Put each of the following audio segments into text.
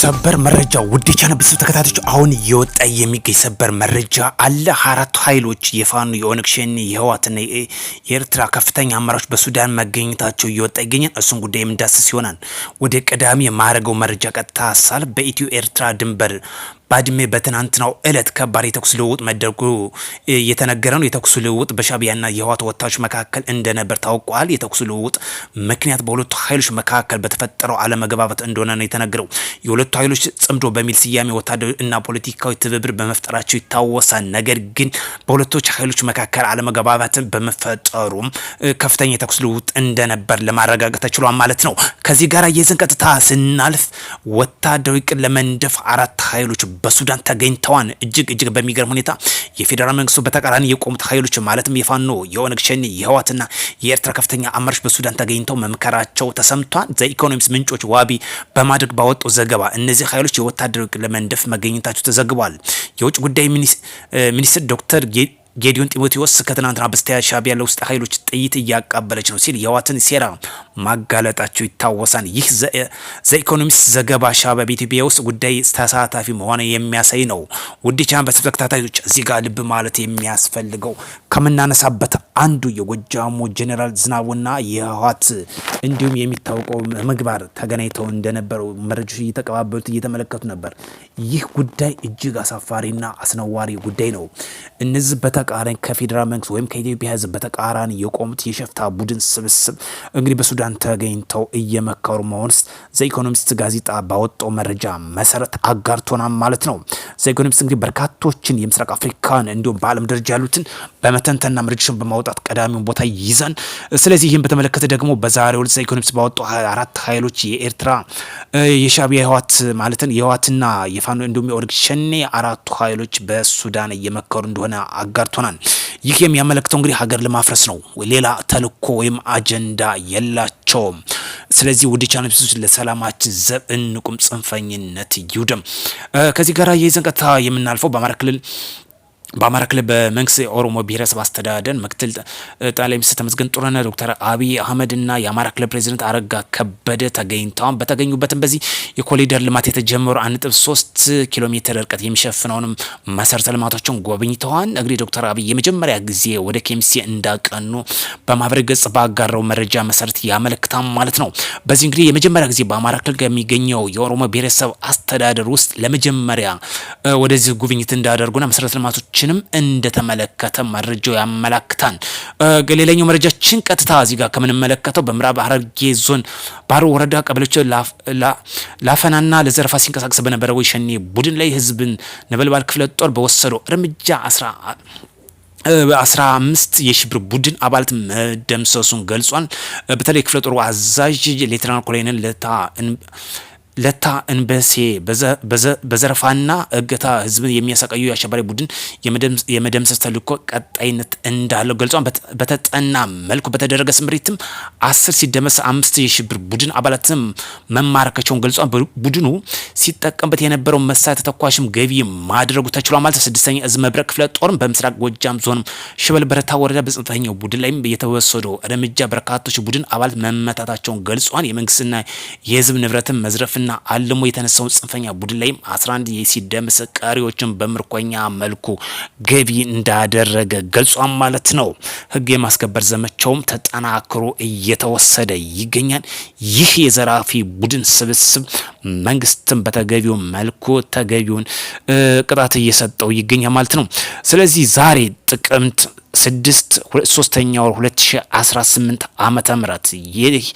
ሰበር መረጃ ውድ የቻናል ቤተሰብ ተከታታዮች አሁን እየወጣ የሚገኝ ሰበር መረጃ አለ። አራቱ ኃይሎች የፋኑ የኦነግ ሸኔ፣ የህወሓትና የኤርትራ ከፍተኛ አመራሮች በሱዳን መገኘታቸው እየወጣ ይገኛል። እሱን ጉዳይ የምንዳስስ ይሆናል። ወደ ቀዳሚ የማረገው መረጃ ቀጥታ ሳል በኢትዮ ኤርትራ ድንበር ባድሜ በትናንትናው እለት ከባድ የተኩስ ልውውጥ መደረጉ እየተነገረ ነው። የተኩስ ልውውጥ በሻቢያና የህዋት ወታደሮች መካከል እንደነበር ታውቋል። የተኩስ ልውውጥ ምክንያት በሁለቱ ኃይሎች መካከል በተፈጠረው አለመግባባት እንደሆነ ነው የተነገረው። የሁለቱ ኃይሎች ጽምዶ በሚል ስያሜ ወታደራዊ እና ፖለቲካዊ ትብብር በመፍጠራቸው ይታወሳል። ነገር ግን በሁለቶች ኃይሎች መካከል አለመግባባትን በመፈጠሩም ከፍተኛ የተኩስ ልውውጥ እንደነበር ለማረጋገጥ ተችሏል ማለት ነው። ከዚህ ጋር የዘን ቀጥታ ስናልፍ ወታደራዊ ቅን ለመንደፍ አራት ኃይሎች በሱዳን ተገኝተዋል። እጅግ እጅግ በሚገርም ሁኔታ የፌዴራል መንግስቱ በተቃራኒ የቆሙት ኃይሎች ማለትም የፋኖ፣ የኦነግ ሸኔ፣ የህዋትና የኤርትራ ከፍተኛ አመራሮች በሱዳን ተገኝተው መምከራቸው ተሰምቷል። ዘኢኮኖሚስ ምንጮች ዋቢ በማድረግ ባወጡ ዘ ዘገባ እነዚህ ኃይሎች የወታደር ለመንደፍ መገኘታቸው ተዘግቧል። የውጭ ጉዳይ ሚኒስትር ዶክተር ጌዲዮን ጢሞቴዎስ ከትናንትና በስቲያ ሻዕቢያ ለውስጥ ኃይሎች ጥይት እያቃበለች ነው ሲል የዋትን ሴራ ማጋለጣቸው ይታወሳል። ይህ ዘኢኮኖሚስት ዘገባ ሻዕቢያ በኢትዮጵያ ውስጥ ጉዳይ ተሳታፊ መሆን የሚያሳይ ነው። ውድ ቻናል ተከታታዮች እዚህ ጋር ልብ ማለት የሚያስፈልገው ከምናነሳበት አንዱ የጎጃሙ ጄኔራል ዝናቡና የህወሓት እንዲሁም የሚታወቀው ምግባር ተገናኝተው እንደነበረው መረጃዎች እየተቀባበሉት እየተመለከቱ ነበር። ይህ ጉዳይ እጅግ አሳፋሪና አስነዋሪ ጉዳይ ነው። እነዚህ በተቃራኒ ከፌዴራል መንግስት ወይም ከኢትዮጵያ ህዝብ በተቃራኒ የቆሙት የሸፍታ ቡድን ስብስብ እንግዲህ በሱዳን ተገኝተው እየመከሩ መሆንስ ዘኢኮኖሚስት ጋዜጣ ባወጣው መረጃ መሰረት አጋርቶናል ማለት ነው። ዘይጎንምስ እንግዲህ በርካቶችን የምስራቅ አፍሪካን እንዲሁም በዓለም ደረጃ ያሉትን በመተንተና ምርጅሽን በማውጣት ቀዳሚውን ቦታ ይይዛል። ስለዚህ ይህን በተመለከተ ደግሞ በዛሬው ዕለት ዘይጎንምስ ባወጡ አራት ኃይሎች የኤርትራ የሻቢያ ህዋት ማለትን የህዋትና የፋኖ እንዲሁም የኦርግ ሸኔ አራቱ ኃይሎች በሱዳን እየመከሩ እንደሆነ አጋርቶናል። ይህ የሚያመለክተው እንግዲህ ሀገር ለማፍረስ ነው። ሌላ ተልእኮ ወይም አጀንዳ የላቸውም። ስለዚህ ውድ ቻናል ቤተሰቦች ለሰላማችን ዘብ እንቁም፣ ጽንፈኝነት ይውደም። ከዚህ ጋር የዘንቀታ የምናልፈው በአማራ ክልል በአማራ ክልል በመንግስት የኦሮሞ ብሔረሰብ አስተዳደር ምክትል ጠቅላይ ሚኒስትር ተመስገን ጥሩነህ ዶክተር አብይ አህመድ የአማራ ክልል ፕሬዚደንት አረጋ ከበደ ተገኝተዋን በተገኙበትም በዚህ የኮሊደር ልማት የተጀመሩ አንድ ነጥብ ሶስት ኪሎ ሜትር ርቀት የሚሸፍነውንም መሰረተ ልማቶችን ጎብኝተዋን። እንግዲህ ዶክተር አብይ የመጀመሪያ ጊዜ ወደ ኬሚሴ እንዳቀኑ በማህበራዊ ገጽ ባጋረው መረጃ መሰረት ያመለክታም ማለት ነው። በዚህ እንግዲህ የመጀመሪያ ጊዜ በአማራ ክልል የሚገኘው የኦሮሞ ብሔረሰብ አስተዳደር ውስጥ ለመጀመሪያ ወደዚህ ጉብኝት እንዳደርጉና መሰረተ ልማቶች ሰዎችንም እንደተመለከተ መረጃው ያመላክታል። ሌላኛው መረጃችን ቀጥታ እዚህ ጋር ከምንመለከተው በምዕራብ ሐረርጌ ዞን ባሮ ወረዳ ቀበሌዎች ላፈናና ለዘረፋ ሲንቀሳቀስ በነበረው የሸኔ ቡድን ላይ ህዝብን ነበልባል ክፍለ ጦር በወሰደው እርምጃ አስራ አስራ አምስት የሽብር ቡድን አባላት መደምሰሱን ገልጿል። በተለይ ክፍለ ጦሩ አዛዥ ሌተናል ኮሎኔል ለታ ለታ እንበሴ በዘረፋና እገታ ህዝብን የሚያሰቃዩ የአሸባሪ ቡድን የመደምሰስ ተልኮ ቀጣይነት እንዳለው ገልጿል። በተጠና መልኩ በተደረገ ስምሪትም አስር ሲደመስ አምስት የሽብር ቡድን አባላትም መማረካቸውን ገልጿን። ቡድኑ ሲጠቀምበት የነበረው መሳሪያ ተተኳሽም ገቢ ማድረጉ ተችሏል። ማለት ስድስተኛ እዝ መብረቅ ክፍለ ጦርም በምስራቅ ጎጃም ዞን ሽበል በረታ ወረዳ በጽንፈኛው ቡድን ላይም የተወሰደው እርምጃ በርካቶች ቡድን አባላት መመታታቸውን ገልጿን። የመንግስትና የህዝብ ንብረትን መዝረፍና ና አልሞ የተነሳውን ጽንፈኛ ቡድን ላይም 11 ሲደምስ ደምስ ቀሪዎችን በምርኮኛ መልኩ ገቢ እንዳደረገ ገልጿም ማለት ነው። ህግ የማስከበር ዘመቻውም ተጠናክሮ እየተወሰደ ይገኛል። ይህ የዘራፊ ቡድን ስብስብ መንግስትን በተገቢው መልኩ ተገቢውን ቅጣት እየሰጠው ይገኛል ማለት ነው። ስለዚህ ዛሬ ጥቅምት ስድስት ሶስተኛ ወር ስምንት አመተ ምህረት ይህ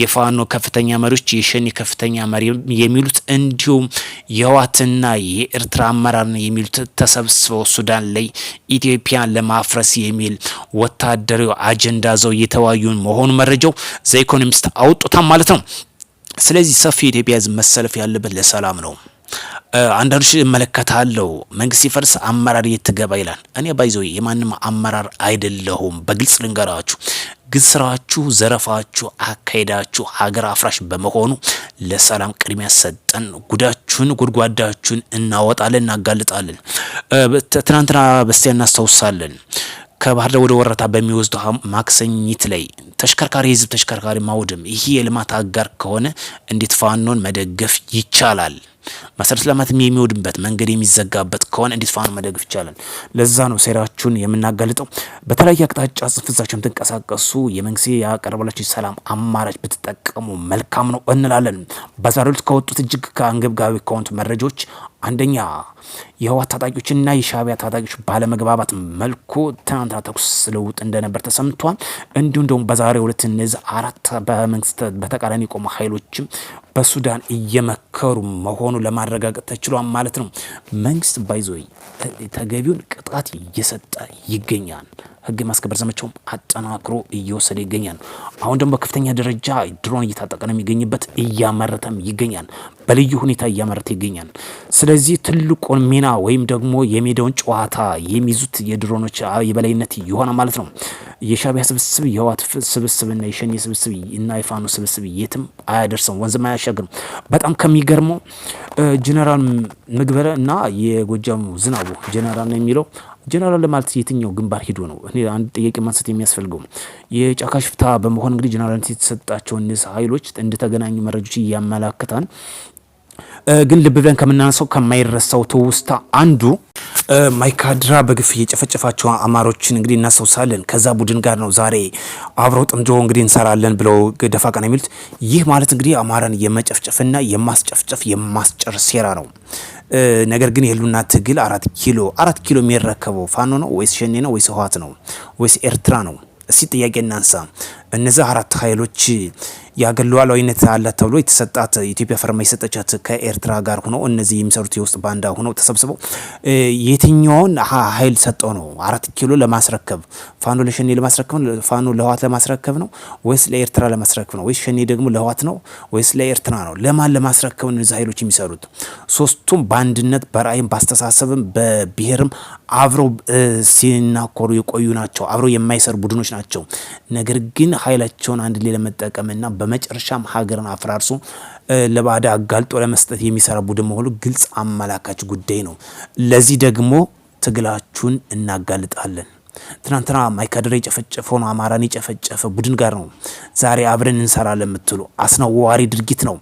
የፋኖ ከፍተኛ መሪዎች የሸኔ ከፍተኛ መሪ የሚሉት እንዲሁም የዋትና የኤርትራ አመራር የሚሉት ተሰብስበው ሱዳን ላይ ኢትዮጵያን ለማፍረስ የሚል ወታደራዊ አጀንዳ ዘው እየተወያዩ መሆኑ መረጃው ዘኢኮኖሚስት አውጥቷል ማለት ነው። ስለዚህ ሰፊ የኢትዮጵያ ህዝብ መሰለፍ ያለበት ለሰላም ነው። አንዳንዶች እመለከታለሁ መንግስት ሲፈርስ አመራር የት ይላል። እኔ ባይዘ የማንም አመራር አይደለሁም። በግልጽ ልንገራችሁ፣ ግን ስራችሁ፣ ዘረፋችሁ፣ አካሄዳችሁ ሀገር አፍራሽ በመሆኑ ለሰላም ቅድሚያ ሰጠን። ጉዳችሁን፣ ጉድጓዳችሁን እናወጣለን፣ እናጋልጣለን። ትናንትና በስቲያ እናስታውሳለን። ከባህር ዳር ወደ ወረታ በሚወስዱ ማክሰኝት ላይ ተሽከርካሪ የህዝብ ተሽከርካሪ ማውደም፣ ይህ የልማት አጋር ከሆነ እንዴት ፋኖን መደገፍ ይቻላል? መሰረተ ልማትም የሚወድምበት መንገድ የሚዘጋበት ከሆነ እንዴት ፋኖ መደግፍ ይቻላል? ለዛ ነው ሴራችሁን የምናጋልጠው። በተለያየ አቅጣጫ ጽንፈዛችሁ የምትንቀሳቀሱ የመንግስት ያቀረበላችሁ ሰላም አማራጭ ብትጠቀሙ መልካም ነው እንላለን። በዛሬው ዕለት ከወጡት እጅግ ከአንገብጋቢ ከሆኑት መረጃዎች አንደኛ የህወሓት ታጣቂዎችና የሻቢያ ታጣቂዎች ባለመግባባት መልኩ ትናንትና ተኩስ ልውውጥ እንደነበር ተሰምቷል። እንዲሁም ደግሞ በዛሬው ዕለት እነዚህ አራት በመንግስት በተቃራኒ የቆሙ ኃይሎችም በሱዳን እየመከሩ መሆኑ ለማረጋገጥ ተችሏል ማለት ነው። መንግስት ባይዞይ ተገቢውን ቅጣት እየሰጠ ይገኛል። ህግ የማስከበር ዘመቻውም አጠናክሮ እየወሰደ ይገኛል። አሁን ደግሞ በከፍተኛ ደረጃ ድሮን እየታጠቀ ነው የሚገኝበት፣ እያመረተም ይገኛል። በልዩ ሁኔታ እያመረተ ይገኛል። ስለዚህ ትልቁን ሚና ወይም ደግሞ የሜዳውን ጨዋታ የሚይዙት የድሮኖች የበላይነት የሆነ ማለት ነው። የሻቢያ ስብስብ፣ የህወሓት ስብስብና የሸኔ ስብስብ እና የፋኖ ስብስብ የትም አያደርሰም፣ ወንዝም አያሻግርም። በጣም ከሚገርመው ጀነራል ምግበረ እና የጎጃሙ ዝናቡ ጀነራል ነው የሚለው ጀነራል ማለት የትኛው ግንባር ሂዶ ነው? እኔ አንድ ጥያቄ ማንሳት የሚያስፈልገው የጫካ ሽፍታ በመሆን እንግዲህ ጀነራልነት የተሰጣቸውን ኃይሎች እንደተገናኙ መረጃዎች እያመላክታል። ግን ልብ ብለን ከምናነሳው ከማይረሳው ትውስታ አንዱ ማይካድራ በግፍ እየጨፈጨፋቸው አማሮችን እንግዲህ እናስታውሳለን። ከዛ ቡድን ጋር ነው ዛሬ አብረው ጥምዶ እንግዲህ እንሰራለን ብለው ደፋ ቀና የሚሉት። ይህ ማለት እንግዲህ አማራን የመጨፍጨፍና የማስጨፍጨፍ የማስጨር ሴራ ነው። ነገር ግን የህልውና ትግል አራት ኪሎ አራት ኪሎ የሚረከበው ፋኖ ነው ወይስ ሸኔ ነው ወይስ ህወሓት ነው ወይስ ኤርትራ ነው? እስቲ ጥያቄ እናንሳ። እነዚህ አራት ኃይሎች የአገር ሉዓላዊነት አላት ተብሎ የተሰጣት ኢትዮጵያ ፈርማ የሰጠቻት ከኤርትራ ጋር ሆኖ እነዚህ የሚሰሩት የውስጥ ባንዳ ሆኖ ተሰብስበው የትኛውን ኃይል ሰጠው ነው? አራት ኪሎ ለማስረከብ ፋኖ ለሸኔ ለማስረከብ ነው? ፋኖ ለህዋት ለማስረከብ ነው ወይስ ለኤርትራ ለማስረከብ ነው? ወይስ ሸኔ ደግሞ ለህዋት ነው ወይስ ለኤርትራ ነው? ለማን ለማስረከብ ነው እነዚህ ኃይሎች የሚሰሩት? ሶስቱም በአንድነት በራእይም በአስተሳሰብም በብሔርም አብረው ሲናኮሩ የቆዩ ናቸው። አብረው የማይሰሩ ቡድኖች ናቸው። ነገር ግን ኃይላቸውን አንድ ላይ ለመጠቀምና በመጨረሻም ሀገርን አፈራርሶ ለባዕድ አጋልጦ ለመስጠት የሚሰራ ቡድን መሆኑ ግልጽ አመላካች ጉዳይ ነው። ለዚህ ደግሞ ትግላችሁን እናጋልጣለን። ትናንትና ማይካድራ የጨፈጨፈው ነው አማራን የጨፈጨፈ ቡድን ጋር ነው ዛሬ አብረን እንሰራለን የምትሉ አስነዋሪ ድርጊት ነው።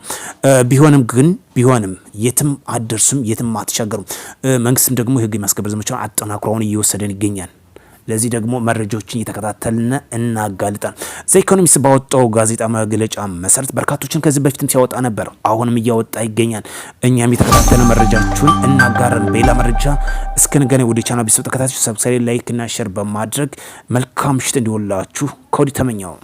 ቢሆንም ግን ቢሆንም የትም አደርሱም፣ የትም አትሻገሩም። መንግስትም ደግሞ የህግ የማስከበር ዘመቻውን አጠናክሮ አሁን እየወሰደን ይገኛል። ለዚህ ደግሞ መረጃዎችን እየተከታተልን እናጋልጣል። ዘ ኢኮኖሚስት ባወጣው ጋዜጣ መግለጫ መሰረት በርካቶችን ከዚህ በፊትም ሲያወጣ ነበር፣ አሁንም እያወጣ ይገኛል። እኛም የተከታተለ መረጃችሁን እናጋራን። በሌላ መረጃ እስክንገና ወደ ቻና ቢሰብ ተከታታዮች ሰብስክራይብ፣ ላይክ እና ሼር በማድረግ መልካም ምሽት እንዲወላችሁ ከወዲህ ተመኘው።